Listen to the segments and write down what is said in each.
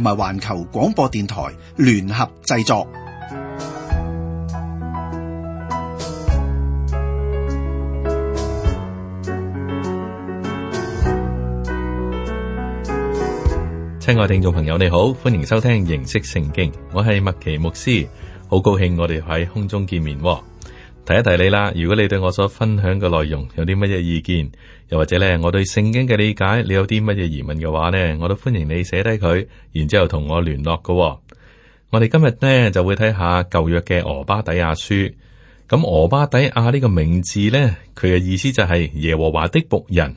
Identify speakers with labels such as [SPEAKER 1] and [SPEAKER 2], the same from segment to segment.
[SPEAKER 1] 同埋環球廣播電台聯合製作。親愛聽眾朋友，你好，歡迎收聽認識聖經，我係麥奇牧師，好高興我哋喺空中見面。提一提你啦，如果你對我所分享嘅內容有啲乜嘢意見，又或者咧，我對聖經嘅理解，你有啲乜嘢疑問嘅話咧，我都歡迎你寫低佢，然之後同我聯絡噶喎。我哋今日咧就會睇下舊約嘅俄巴底亞書。咁俄巴底亞呢個名字咧，佢嘅意思就係耶和華的僕人。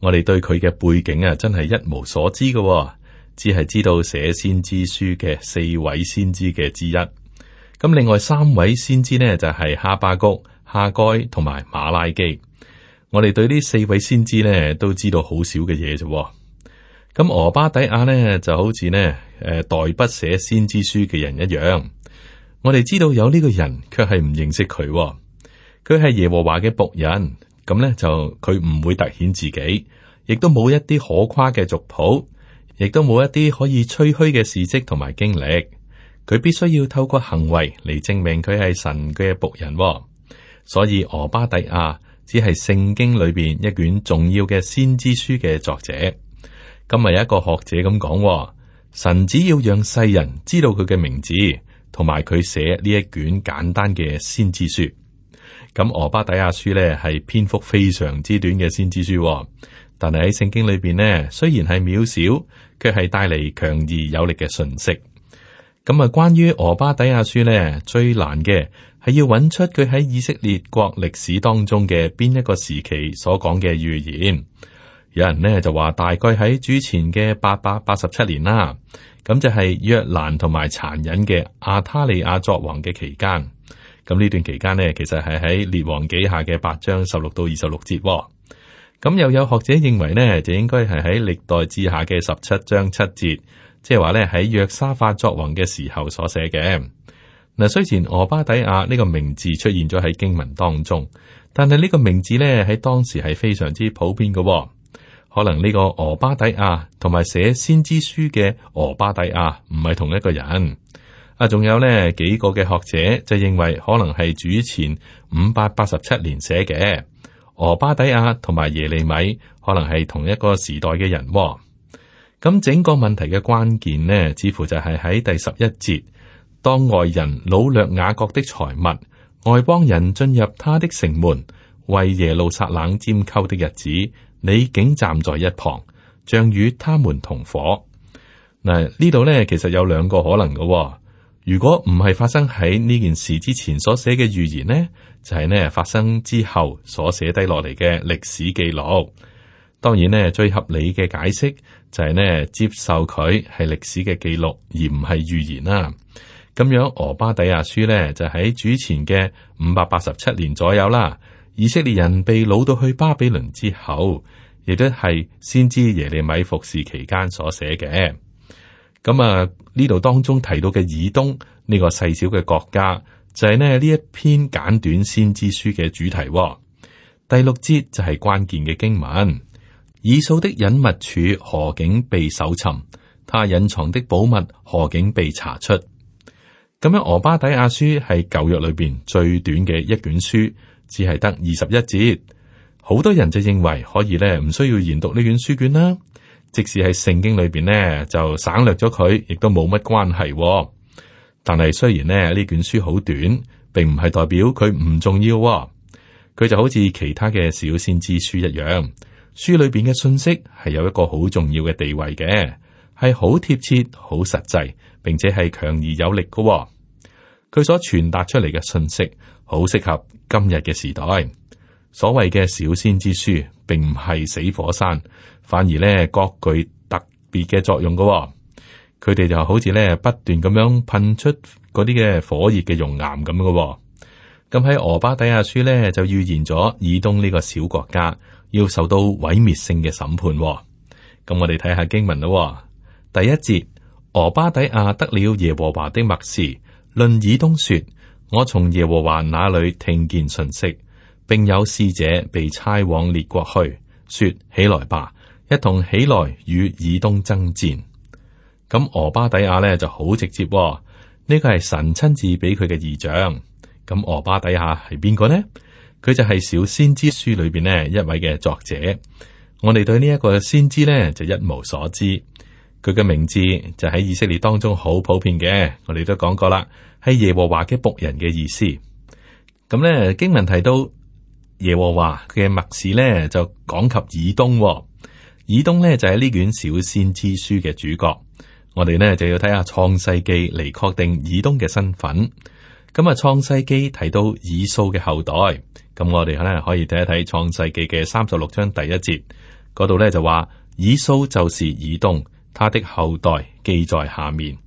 [SPEAKER 1] 我哋對佢嘅背景啊，真係一無所知噶，只係知道寫先知書嘅四位先知嘅之一。咁另外三位先知呢，就係、是、哈巴谷、哈該同埋馬拉基，我哋對呢四位先知呢，都知道好少嘅嘢啫。咁、嗯、俄巴底亞呢，就好似呢誒代筆寫先知書嘅人一樣，我哋知道有呢個人，卻係唔認識佢、哦。佢係耶和華嘅僕人，咁呢，就佢唔會凸顯自己，亦都冇一啲可誇嘅族譜，亦都冇一啲可以吹噓嘅事跡同埋經歷。佢必須要透過行為嚟證明佢係神嘅僕人、哦，所以俄巴底亞只係聖經裏邊一卷重要嘅先知書嘅作者。今日有一個學者咁講、哦，神只要讓世人知道佢嘅名字，同埋佢寫呢一卷簡單嘅先知書。咁、嗯、俄巴底亞書咧係篇幅非常之短嘅先知書、哦，但係喺聖經裏邊呢，雖然係渺小，卻係帶嚟強而有力嘅信息。咁啊，關於《俄巴底亞書》呢，最難嘅係要揾出佢喺以色列國歷史當中嘅邊一個時期所講嘅預言。有人呢就話，大概喺主前嘅八百八十七年啦，咁就係約蘭同埋殘忍嘅亞他利亞作王嘅期間。咁呢段期間呢，其實係喺列王記下嘅八章十六到二十六節。咁又有學者認為呢，就應該係喺歷代志下嘅十七章七節。即係話咧，喺約沙法作王嘅時候所寫嘅。嗱，雖然俄巴底亞呢個名字出現咗喺經文當中，但係呢個名字咧喺當時係非常之普遍嘅。可能呢個俄巴底亞同埋寫先知書嘅俄巴底亞唔係同一個人。啊，仲有呢幾個嘅學者就認為可能係主前五百八十七年寫嘅，俄巴底亞同埋耶利米可能係同一個時代嘅人。咁整個問題嘅關鍵呢，似乎就係喺第十一節，當外人擄掠雅各的財物，外邦人進入他的城門，為耶路撒冷拈鬮的日子，你竟站在一旁，像與他們同伙。嗱，呢度呢，其實有兩個可能嘅喎。如果唔係發生喺呢件事之前所寫嘅預言呢，就係呢發生之後所寫低落嚟嘅歷史記錄。當然呢，最合理嘅解釋。就係呢，接受佢係歷史嘅記錄，而唔係預言啦、啊。咁樣《俄巴底亞書》呢呢就喺主前嘅五百八十七年左右啦。以色列人被擄到去巴比倫之後，亦都係先知耶利米服侍期間所寫嘅。咁啊呢度當中提到嘅以東呢、呢個細小嘅國家，就係、是、呢呢一篇簡短先知書嘅主題、啊。第六節就係關鍵嘅經文。以掃的隱密處，何竟被搜尋；他隱藏的寶物，何竟被查出。咁樣，俄巴底亞書係舊約裏邊最短嘅一卷書，只係得二十一節。好多人就認為可以咧，唔需要研讀呢卷書卷啦。即使喺聖經裏邊呢，就省略咗佢，亦都冇乜關係喎。但係雖然呢，呢卷書好短，並唔係代表佢唔重要喎。佢就好似其他嘅小先知書一樣。書裏邊嘅信息係有一個好重要嘅地位嘅，係好貼切、好實際，並且係強而有力嘅喎。佢所傳達出嚟嘅信息好適合今日嘅時代。所謂嘅小先之書，並唔係死火山，反而咧各具特別嘅作用嘅喎。佢哋就好似咧不斷咁樣噴出嗰啲嘅火熱嘅熔岩咁嘅喎。咁喺俄巴底亞書咧就預言咗以東呢個小國家，要受到毀滅性嘅審判、哦。咁我哋睇下經文啦、哦。第一節，俄巴底亞得了耶和華的默示，論以東說：我從耶和華那裏聽見信息，並有使者被差往列國去，說：起來吧，一同起來與以東爭戰。咁、嗯、俄巴底亞咧就好直接、哦，呢、呢個係神親自俾佢嘅異象。咁、嗯、俄巴底亞係邊個呢？佢就係小先知書裏邊呢一位嘅作者，我哋對呢一個先知呢就一無所知，佢嘅名字就喺以色列當中好普遍嘅，我哋都講過啦，係耶和華嘅僕人嘅意思。咁、嗯、呢，經文提到耶和華嘅默示呢就講及以東、哦，以東呢就喺、是、呢卷小先知書嘅主角，我哋呢就要睇下創世記嚟確定以東嘅身份。咁啊，創世記提到以掃嘅後代，咁我哋可能可以睇一睇創世記嘅三十六章第一節嗰度咧，就話，以掃就是以東，他的後代記在下面。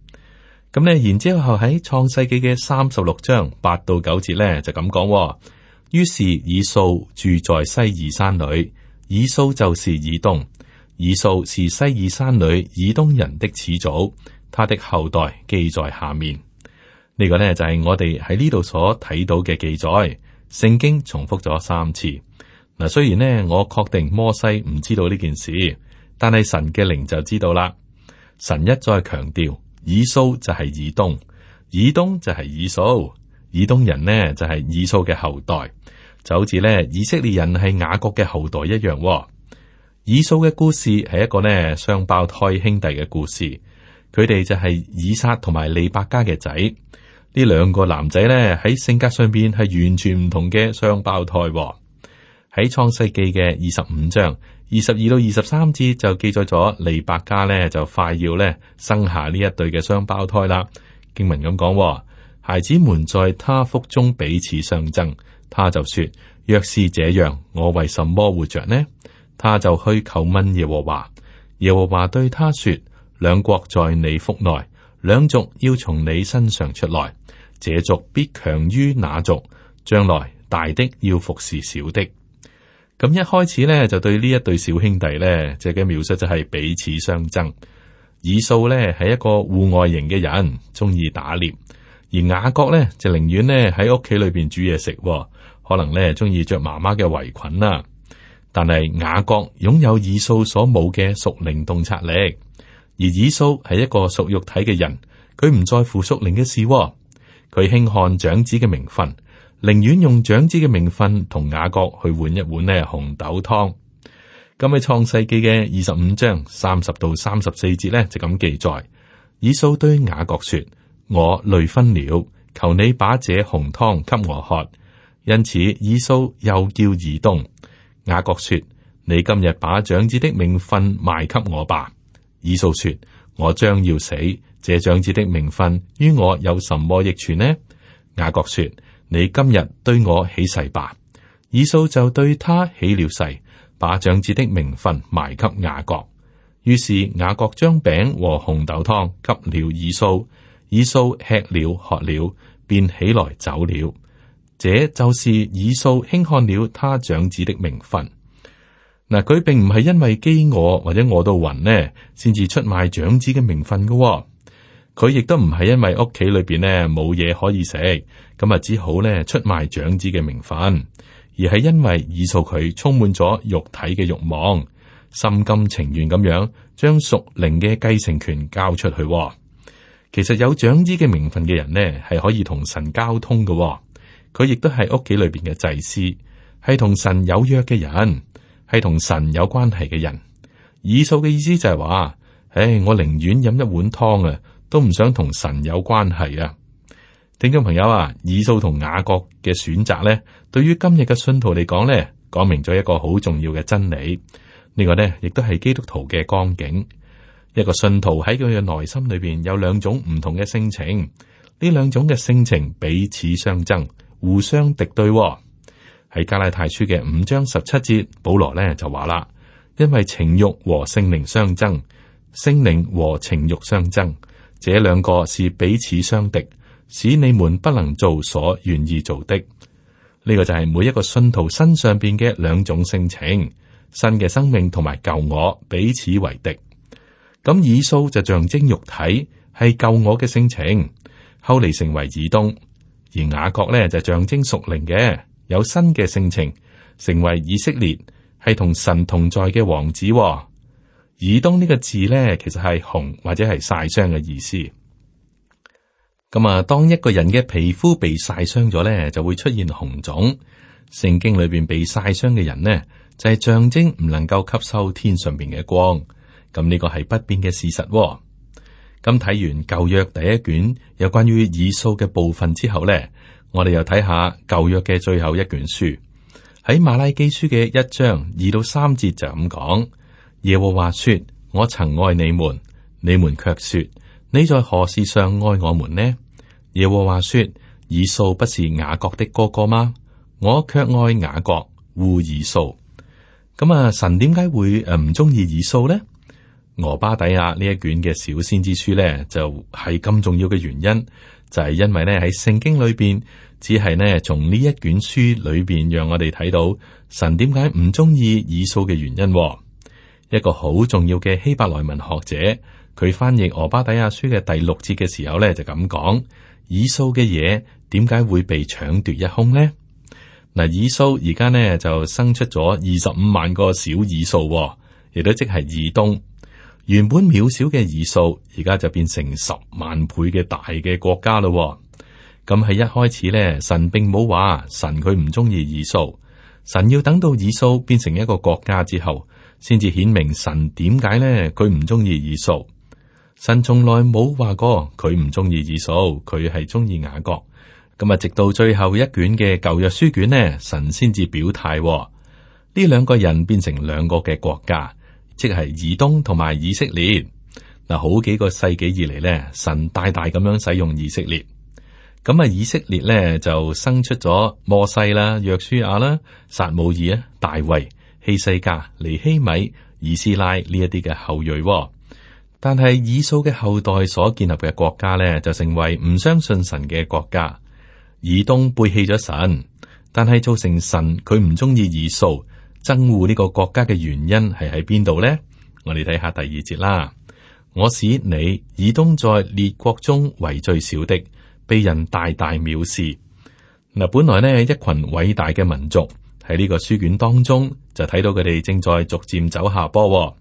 [SPEAKER 1] 咁咧，然之後喺創世記嘅三十六章八到九節咧就咁講，於是以掃住在西珥山裏，以掃就是以東，以掃是西珥山裏以東人的始祖，他的後代記在下面。呢個呢，就係我哋喺呢度所睇到嘅記載，聖經重複咗三次。嗱，雖然呢，我確定摩西唔知道呢件事，但係神嘅靈就知道啦。神一再強調，以蘇就係以東，以東就係以蘇，以東人呢，就係以蘇嘅後代，就好似呢以色列人係雅各嘅後代一樣。以蘇嘅故事係一個呢雙胞胎兄弟嘅故事，佢哋就係以撒同埋利百加嘅仔。呢兩個男仔呢，喺性格上邊係完全唔同嘅雙胞胎喎、哦。喺創世記嘅二十五章二十二到二十三節就記載咗利百加呢，就快要呢生下呢一對嘅雙胞胎啦。經文咁講、哦，孩子們在他腹中彼此相爭，他就說：若是這樣，我為什麼活着呢？他就去求問耶和華，耶和華對他說：兩國在你腹內，兩族要從你身上出來。這族必強於那族，將來大的要服侍小的。咁一開始呢，就對呢一對小兄弟呢，就嘅描述就係彼此相爭。以掃呢係一個戶外型嘅人，中意打獵；而雅各呢，就寧願呢喺屋企裏邊煮嘢食，可能呢中意着媽媽嘅圍裙啦、啊。但係雅各擁有以掃所冇嘅屬靈洞察力，而以掃係一個屬肉體嘅人，佢唔在乎屬靈嘅事、啊。佢輕看長子嘅名分，寧願用長子嘅名分同雅各去換一碗呢紅豆湯。咁喺創世紀嘅二十五章三十到三十四節呢，就咁記載，以掃對雅各說：我累昏了，求你把這紅湯給我喝。因此，以掃又叫以東。雅各說：你今日把長子的名分賣給我吧。以掃說。我將要死，這長子的名分於我有什麼益處呢？雅各說：你今日對我起誓吧。以掃就對他起了誓，把長子的名分賣給雅各。於是雅各將餅和紅豆湯給了以掃，以掃吃了喝了，便起來走了。這就是以掃輕看了他長子的名分。嗱，佢並唔係因為飢餓或者餓到暈咧，先至出賣長子嘅名分嘅。哦，佢亦都唔係因為屋企裏邊咧冇嘢可以食，咁啊，只好咧出賣長子嘅名分，而係因為以掃佢充滿咗肉體嘅慾望，心甘情願咁樣將屬靈嘅繼承權交出去。其實有長子嘅名分嘅人咧，係可以同神交通嘅。哦，佢亦都係屋企裏邊嘅祭司，係同神有約嘅人。係同神有關係嘅人，以掃嘅意思就係話，唉，我寧願飲一碗湯啊，都唔想同神有關係啊！聽眾朋友啊，以掃同雅各嘅選擇呢，對於今日嘅信徒嚟講呢，講明咗一個好重要嘅真理。呢個呢，亦都係基督徒嘅光景。一個信徒喺佢嘅內心裏邊有兩種唔同嘅性情，呢兩種嘅性情彼此相爭，互相敵對哦。喺加拉太書嘅五章十七節，保羅咧就話啦：，因為情欲和聖靈相爭，聖靈和情欲相爭，這兩個是彼此相敵，使你們不能做所願意做的。呢個就係每一個信徒身上邊嘅兩種性情，新嘅生命同埋舊我彼此為敵。咁以掃就象徵肉體係舊我嘅性情，後嚟成為以東，而雅各咧就象徵屬靈嘅。有新嘅性情，成為以色列係同神同在嘅王子，哦。以東呢個字呢，其實係紅或者係曬傷嘅意思。咁、嗯、啊，當一個人嘅皮膚被曬傷咗呢，就會出現紅腫。聖經裏邊被曬傷嘅人呢，就係、是、象徵唔能夠吸收天上面嘅光。咁呢個係不變嘅事實，哦。咁、嗯、睇完舊約第一卷有關於以掃嘅部分之後呢，我哋又睇下舊約嘅最後一卷書，喺馬拉基書嘅一章二到三節就咁講。耶和華說：我曾愛你們，你們卻說：你在何事上愛我們呢？耶和華說：以掃不是雅各的哥哥嗎？我卻愛雅各，護以掃。咁啊，神點解會誒唔中意以掃呢？俄巴底亞呢一卷嘅小先知書咧，就係咁重要嘅原因。就係因為咧喺聖經裏邊，只係呢從呢一卷書裏邊讓我哋睇到神點解唔中意以掃嘅原因。一個好重要嘅希伯來文學者，佢翻譯《俄巴底亞書》嘅第六節嘅時候咧就咁講：以掃嘅嘢點解會被搶奪一空呢？嗱，以掃而家呢，就生出咗二十五萬個小以掃，亦都即係以東，原本渺小嘅以掃。而家就變成十萬倍嘅大嘅國家咯。哦，咁喺一開始呢，神並冇話神佢唔中意以掃，神要等到以掃變成一個國家之後，先至顯明神點解呢？佢唔中意以掃。神從來冇話過佢唔中意以掃，佢係中意雅各。咁啊，直到最後一卷嘅舊約書卷呢，神先至表態。哦，呢兩個人變成兩個嘅國家，即係以東同埋以色列。嗱，好幾個世紀以嚟咧，神大大咁樣使用以色列咁啊。以色列咧就生出咗摩西啦、約書亞啦、撒母耳啊、大衛、希西家、尼希米、以斯拉呢一啲嘅後裔。但係以掃嘅後代所建立嘅國家咧，就成為唔相信神嘅國家，以東背棄咗神。但係造成神佢唔中意以掃憎惡呢個國家嘅原因係喺邊度咧？我哋睇下第二節啦。我使你以東在列國中為最小的，被人大大藐視。嗱，本來呢一群偉大嘅民族喺呢個書卷當中就睇到佢哋正在逐漸走下坡。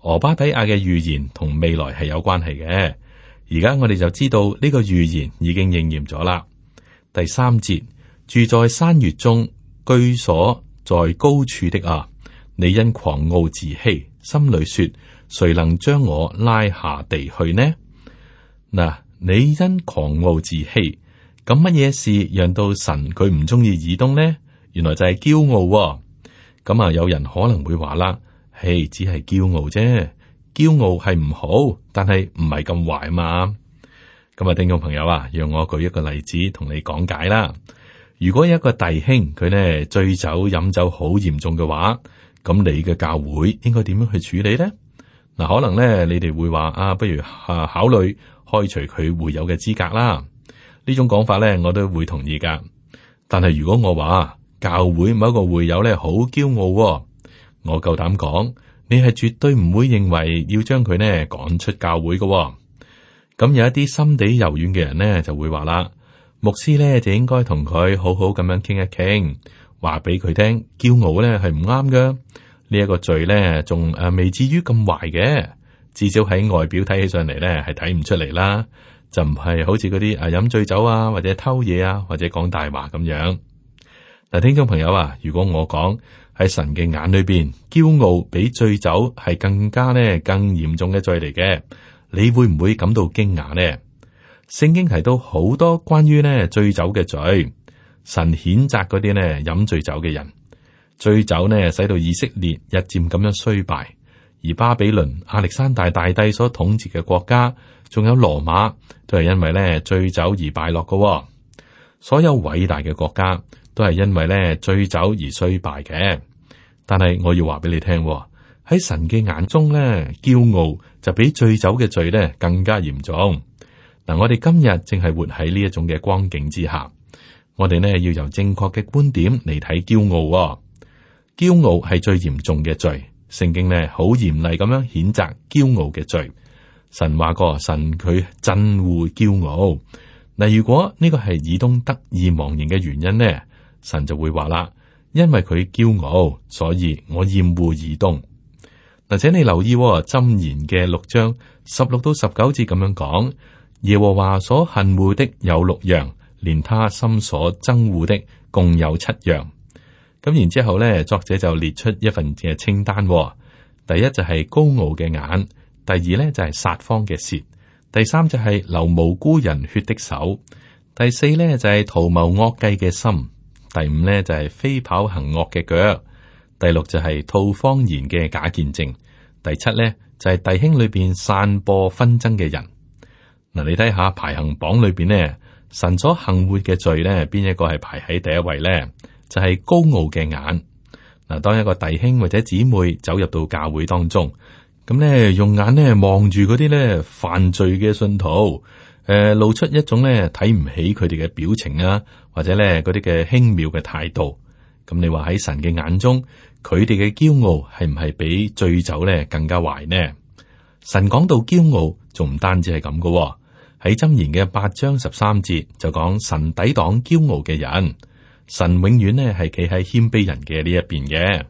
[SPEAKER 1] 俄巴底亞嘅預言同未來係有關係嘅，而家我哋就知道呢個預言已經應驗咗啦。第三節，住在山穴中居所在高處的啊，你因狂傲自欺，心裏說，誰能將我拉下地去呢？嗱，你因狂傲自欺，咁乜嘢事讓到神佢唔中意耳動呢？原來就係驕傲喎。咁啊，有人可能會話啦，嘿，只係驕傲啫，驕傲係唔好，但係唔係咁壞嘛。咁啊，聽眾朋友啊，讓我舉一個例子同你講解啦。如果有一個弟兄佢呢醉酒飲酒好嚴重嘅話，咁你嘅教會應該點樣去處理呢？嗱，可能咧你哋會話啊，不如吓考慮開除佢會友嘅資格啦。呢種講法咧，我都會同意噶。但係如果我話教會某一個會友咧好驕傲，我夠膽講，你係絕對唔會認為要將佢咧趕出教會噶。咁有一啲心地柔軟嘅人咧就會話啦，牧師咧就應該同佢好好咁樣傾一傾，話俾佢聽，驕傲咧係唔啱噶。呢一個罪咧，仲誒未至於咁壞嘅，至少喺外表睇起上嚟咧，係睇唔出嚟啦，就唔係好似嗰啲誒飲醉酒啊，或者偷嘢啊，或者講大話咁樣。嗱，聽眾朋友啊，如果我講喺神嘅眼裏邊，驕傲比醉酒係更加呢，更嚴重嘅罪嚟嘅，你會唔會感到驚訝呢？聖經提到好多關於呢醉酒嘅罪，神譴責嗰啲呢飲醉酒嘅人。醉酒呢，使到以色列日漸咁樣衰敗，而巴比倫、亞歷山大大帝所統治嘅國家，仲有羅馬，都係因為呢醉酒而敗落嘅。所有偉大嘅國家，都係因為呢醉酒而衰敗嘅。但係我要話俾你聽，喺神嘅眼中呢，驕傲就比醉酒嘅罪呢更加嚴重。嗱，我哋今日正係活喺呢一種嘅光景之下，我哋呢要由正確嘅觀點嚟睇驕傲。驕傲係最嚴重嘅罪，聖經呢好嚴厲咁樣譴責驕傲嘅罪。神話過，神佢憎惡驕傲。嗱，如果呢個係以東得意忘形嘅原因呢，神就會話啦：因為佢驕傲，所以我厭惡以東。嗱，請你留意喎，箴言嘅六章十六到十九節咁樣講，耶和華所恨惡的有六樣，連他心所憎惡的共有七樣。咁然之後咧，作者就列出一份嘅清單，哦。第一就係高傲嘅眼，第二咧就係撒謊嘅舌，第三就係流無辜人血的手，第四咧就係圖謀惡計嘅心，第五咧就係飛跑行惡嘅腳，第六就係吐謊言嘅假見證，第七咧就係弟兄裏邊散播紛爭嘅人。嗱、啊，你睇下排行榜裏邊咧，神所行活嘅罪咧，邊一個係排喺第一位咧？就係高傲嘅眼，嗱，當一個弟兄或者姊妹走入到教會當中，咁咧用眼咧望住嗰啲咧犯罪嘅信徒，誒，露出一種咧睇唔起佢哋嘅表情啊，或者咧嗰啲嘅輕蔑嘅態度。咁你話喺神嘅眼中，佢哋嘅驕傲係唔係比醉酒咧更加壞呢？神講到驕傲，仲唔單止係咁噶，喺箴言嘅八章十三節就講神抵擋驕傲嘅人。神永遠呢係企喺謙卑人嘅呢一邊嘅。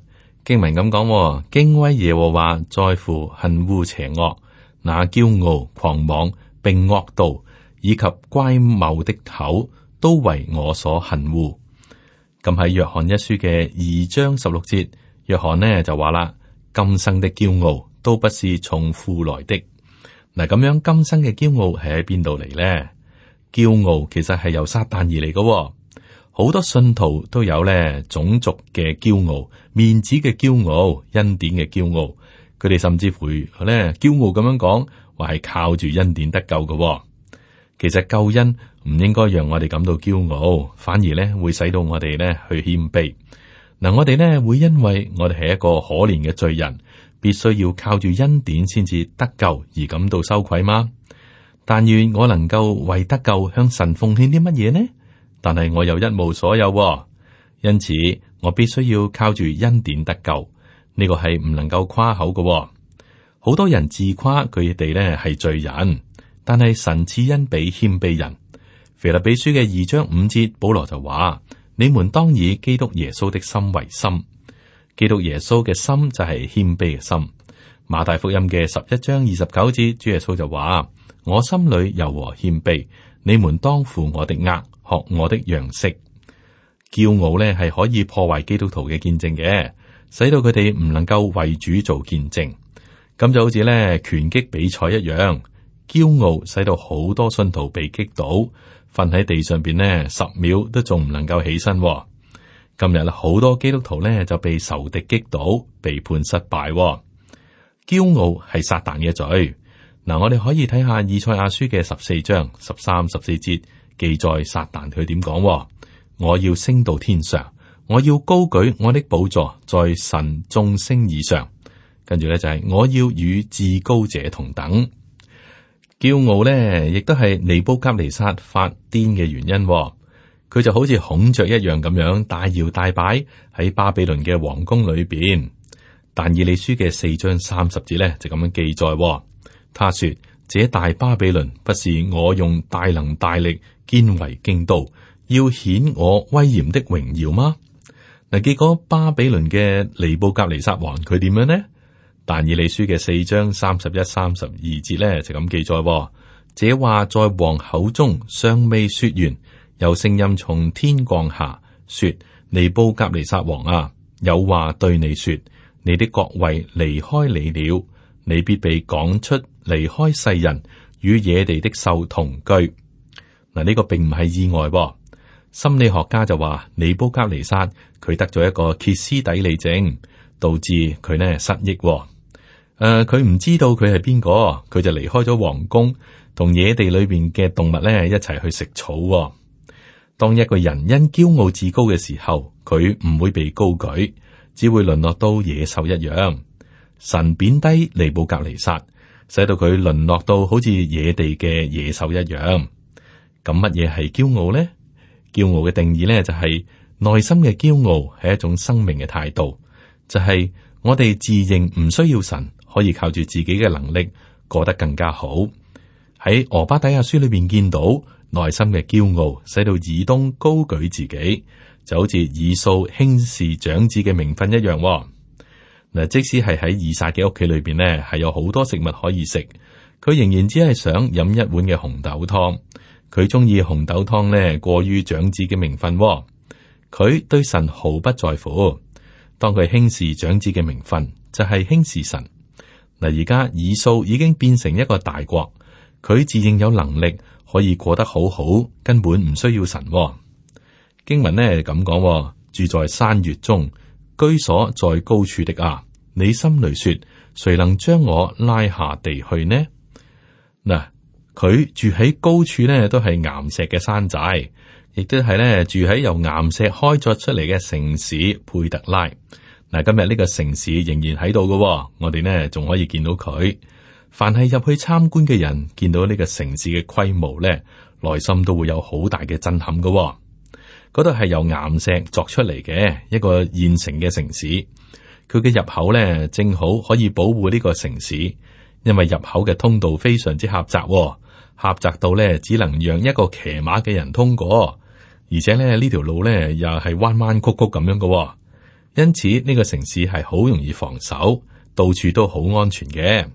[SPEAKER 1] 經文咁講，敬畏耶和華在乎恨惡邪惡，那驕傲、狂妄並惡道以及乖謬的口，都為我所恨惡。咁喺約翰一書嘅二章十六節，約翰呢就話啦：今生的驕傲都不是從父來的。嗱，咁樣今生嘅驕傲係喺邊度嚟呢？驕傲其實係由撒旦而嚟嘅。好多信徒都有咧種族嘅驕傲、面子嘅驕傲、恩典嘅驕傲，佢哋甚至會咧驕傲咁樣講話，係靠住恩典得救嘅哦。其實救恩唔應該讓我哋感到驕傲，反而咧會使到我哋咧去謙卑。嗱，我哋呢會因為我哋係一個可憐嘅罪人，必須要靠住恩典先至得救而感到羞愧嗎？但願我能夠為得救向神奉獻啲乜嘢呢？但係我又一無所有、哦，因此我必須要靠住恩典得救。呢、這個係唔能夠誇口嘅、哦。好多人自誇佢哋呢係罪人，但係神賜恩俾謙卑人。腓立比書嘅二章五節，保羅就話：你們當以基督耶穌的心為心。基督耶穌嘅心就係謙卑嘅心。馬大福音嘅十一章二十九節，主耶穌就話：我心裡柔和謙卑，你們當負我的軛。學我的樣式，驕傲咧係可以破壞基督徒嘅見證嘅，使到佢哋唔能夠為主做見證。咁就好似咧拳擊比賽一樣，驕傲使到好多信徒被擊倒，瞓喺地上邊呢十秒都仲唔能夠起身。今日好多基督徒呢就被仇敵擊倒，被判失敗。驕傲係撒旦嘅罪。嗱，我哋可以睇下以賽亞書嘅十四章十三十四節。記載撒旦，佢點講？我要升到天上，我要高舉我的寶座在神眾星以上。跟住咧就係我要與至高者同等。驕傲咧亦都係尼布甲尼撒發癲嘅原因。佢就好似孔雀一樣咁樣大搖大擺喺巴比倫嘅皇宮裏邊。但以理書嘅四章三十字咧就咁樣記載。他說。這大巴比倫不是我用大能大力建為京都，要顯我威嚴的榮耀嗎？嗱，結果巴比倫嘅尼布甲尼撒王佢點樣呢？但以理書嘅四章三十一、三十二節呢，就咁記載、哦，這話在王口中尚未說完，有聲音從天降下，說：尼布甲尼撒王啊，有話對你說，你的國位離開你了，你必被講出。離開世人，與野地的獸同居嗱。呢、這個並唔係意外、哦。心理學家就話，尼布格尼撒，佢得咗一個歇斯底里症，導致佢呢失憶、哦。誒、呃，佢唔知道佢係邊個，佢就離開咗皇宮，同野地裏邊嘅動物咧一齊去食草、哦。當一個人因驕傲至高嘅時候，佢唔會被高舉，只會淪落到野獸一樣。神貶低尼布格尼撒。使到佢淪落到好似野地嘅野獸一樣。咁乜嘢係驕傲呢？驕傲嘅定義咧就係、是、內心嘅驕傲係一種生命嘅態度，就係、是、我哋自認唔需要神，可以靠住自己嘅能力過得更加好。喺俄巴底亞書裏邊見到，內心嘅驕傲使到以東高舉自己，就好似以掃輕視長子嘅名分一樣。嗱，即使係喺以撒嘅屋企裏邊咧，係有好多食物可以食，佢仍然只係想飲一碗嘅紅豆湯。佢中意紅豆湯呢，過於長子嘅名分。佢對神毫不在乎，當佢輕視長子嘅名分，就係輕視神。嗱，而家以掃已經變成一個大國，佢自認有能力可以過得好好，根本唔需要神。經文咧咁講，住在山穴中，居所在高處的啊。你心裏說：誰能將我拉下地去呢？嗱，佢住喺高處呢，都係岩石嘅山仔，亦都係呢住喺由岩石開鑿出嚟嘅城市佩特拉。嗱，今日呢個城市仍然喺度嘅，我哋呢仲可以見到佢。凡係入去參觀嘅人，見到呢個城市嘅規模呢，內心都會有好大嘅震撼嘅。嗰度係由岩石作出嚟嘅一個現成嘅城市。佢嘅入口咧，正好可以保護呢個城市，因為入口嘅通道非常之狹窄、哦，狹窄到咧只能讓一個騎馬嘅人通過，而且咧呢條路咧又係彎彎曲曲咁樣嘅、哦。因此呢個城市係好容易防守，到處都好安全嘅。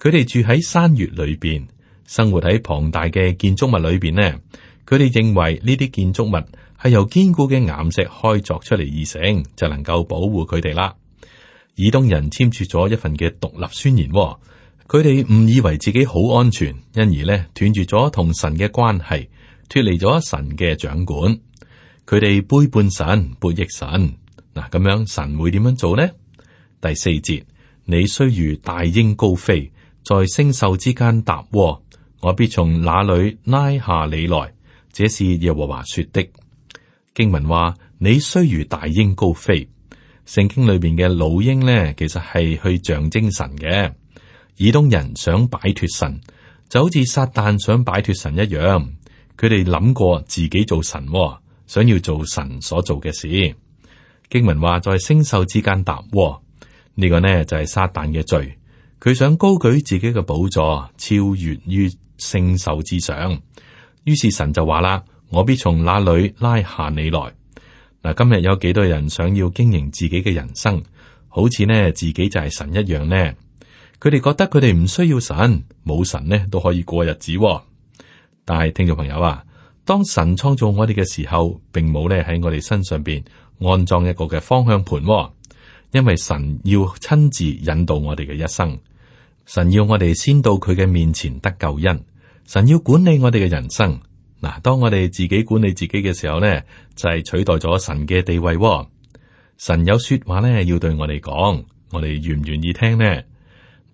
[SPEAKER 1] 佢哋住喺山穴裏邊，生活喺龐大嘅建築物裏邊呢，佢哋認為呢啲建築物係由堅固嘅岩石開鑿出嚟而成，就能夠保護佢哋啦。以東人簽署咗一份嘅獨立宣言，佢哋誤以為自己好安全，因而咧斷絕咗同神嘅關係，脫離咗神嘅掌管，佢哋背叛神，悖逆神。嗱，咁樣神會點樣做呢？第四節，你雖如大鷹高飛，在星宿之間搭窩，我必從那裏拉下你來。這是耶和華說的。經文話，你雖如大鷹高飛。聖經裏邊嘅老鷹呢，其實係去象徵神嘅。以東人想擺脫神，就好似撒旦想擺脫神一樣。佢哋諗過自己做神、哦，想要做神所做嘅事。經文話在星宿之間搭、哦，呢、這個呢就係、是、撒旦嘅罪。佢想高舉自己嘅寶座，超越於星宿之上。於是神就話啦，我必從那裏拉下你來。嗱，今日有幾多人想要經營自己嘅人生，好似咧自己就係神一樣呢？佢哋覺得佢哋唔需要神，冇神咧都可以過日子。但係聽眾朋友啊，當神創造我哋嘅時候，並冇咧喺我哋身上邊安裝一個嘅方向盤，因為神要親自引導我哋嘅一生，神要我哋先到佢嘅面前得救恩，神要管理我哋嘅人生。嗱，當我哋自己管理自己嘅時候咧，就係取代咗神嘅地位。神有說話咧，要對我哋講，我哋願唔願意聽呢？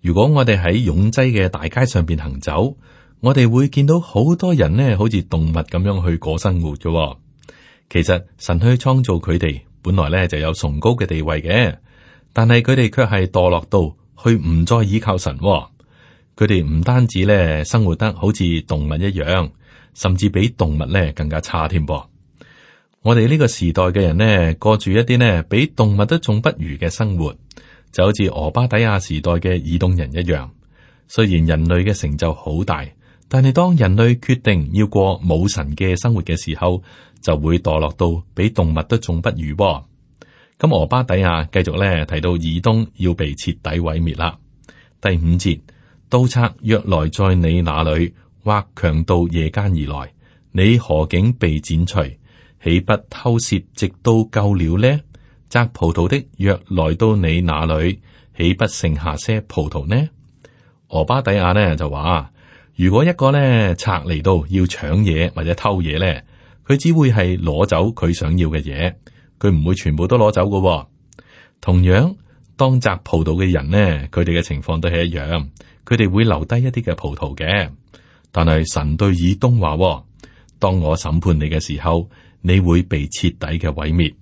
[SPEAKER 1] 如果我哋喺擁擠嘅大街上邊行走，我哋會見到好多人咧，好似動物咁樣去過生活。噶，其實神去創造佢哋，本來咧就有崇高嘅地位嘅，但係佢哋卻係墮落到去唔再依靠神。佢哋唔單止咧生活得好似動物一樣。甚至比動物咧更加差添噃！我哋呢個時代嘅人呢，過住一啲呢比動物都仲不如嘅生活，就好似俄巴底亞時代嘅以東人一樣。雖然人類嘅成就好大，但係當人類決定要過冇神嘅生活嘅時候，就會墮落到比動物都仲不如噃。咁俄巴底亞繼續咧提到以東要被徹底毀滅啦。第五節，盜賊若來在你那裏。或強盜夜間而來，你何竟被剪除？豈不偷竊直到夠了呢？摘葡萄的若來到你那裏，豈不剩下些葡萄呢？俄巴底亞呢就話：如果一個呢賊嚟到要搶嘢或者偷嘢呢，佢只會係攞走佢想要嘅嘢，佢唔會全部都攞走㗎。同樣，當摘葡萄嘅人呢，佢哋嘅情況都係一樣，佢哋會留低一啲嘅葡萄嘅。但係神對以東話，當我審判你嘅時候，你會被徹底嘅毀滅。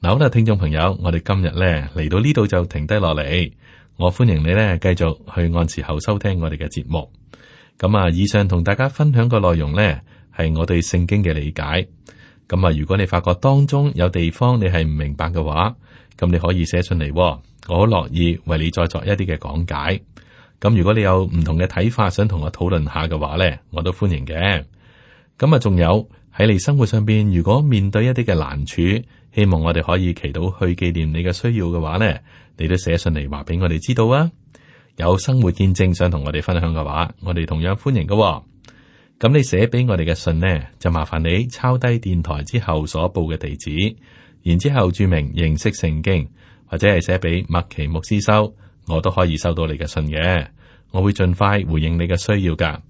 [SPEAKER 1] 嗱，好啦，聽眾朋友，我哋今日咧嚟到呢度就停低落嚟。我歡迎你咧繼續去按時候收聽我哋嘅節目。咁啊，以上同大家分享嘅內容咧係我對聖經嘅理解。咁啊，如果你發覺當中有地方你係唔明白嘅話，咁你可以寫信嚟，我好樂意為你再作一啲嘅講解。咁如果你有唔同嘅睇法，想同我討論下嘅話呢，我都歡迎嘅。咁啊，仲有喺你生活上邊，如果面對一啲嘅難處，希望我哋可以祈禱去紀念你嘅需要嘅話呢，你都寫信嚟話俾我哋知道啊。有生活見證想同我哋分享嘅話，我哋同樣歡迎嘅喎。咁你寫俾我哋嘅信呢，就麻煩你抄低電台之後所報嘅地址，然之後注明認識聖經，或者係寫俾麥奇牧師收。我都可以收到你嘅信嘅，我會盡快回應你嘅需要噶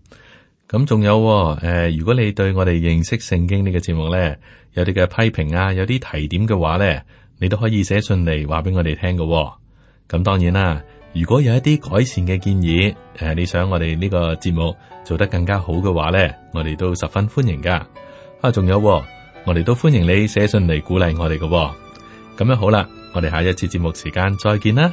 [SPEAKER 1] 咁仲有誒、哦、呃，如果你對我哋認識聖經呢、這個節目咧，有啲嘅批評啊，有啲提點嘅話咧，你都可以寫信嚟話俾我哋聽噶咁、嗯、當然啦，如果有一啲改善嘅建議，誒、呃，你想我哋呢個節目做得更加好嘅話咧，我哋都十分歡迎噶。啊，仲有、哦，我哋都歡迎你寫信嚟鼓勵我哋噶、哦。咁樣好啦，我哋下一次節目時間再見啦。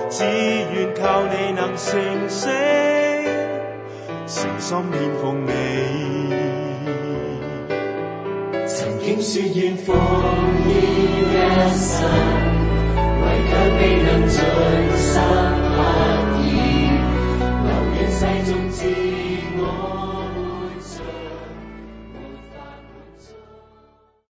[SPEAKER 1] 只願靠你能成聖，誠心獻奉你。曾經説願奉獻一生，唯卻未能盡心。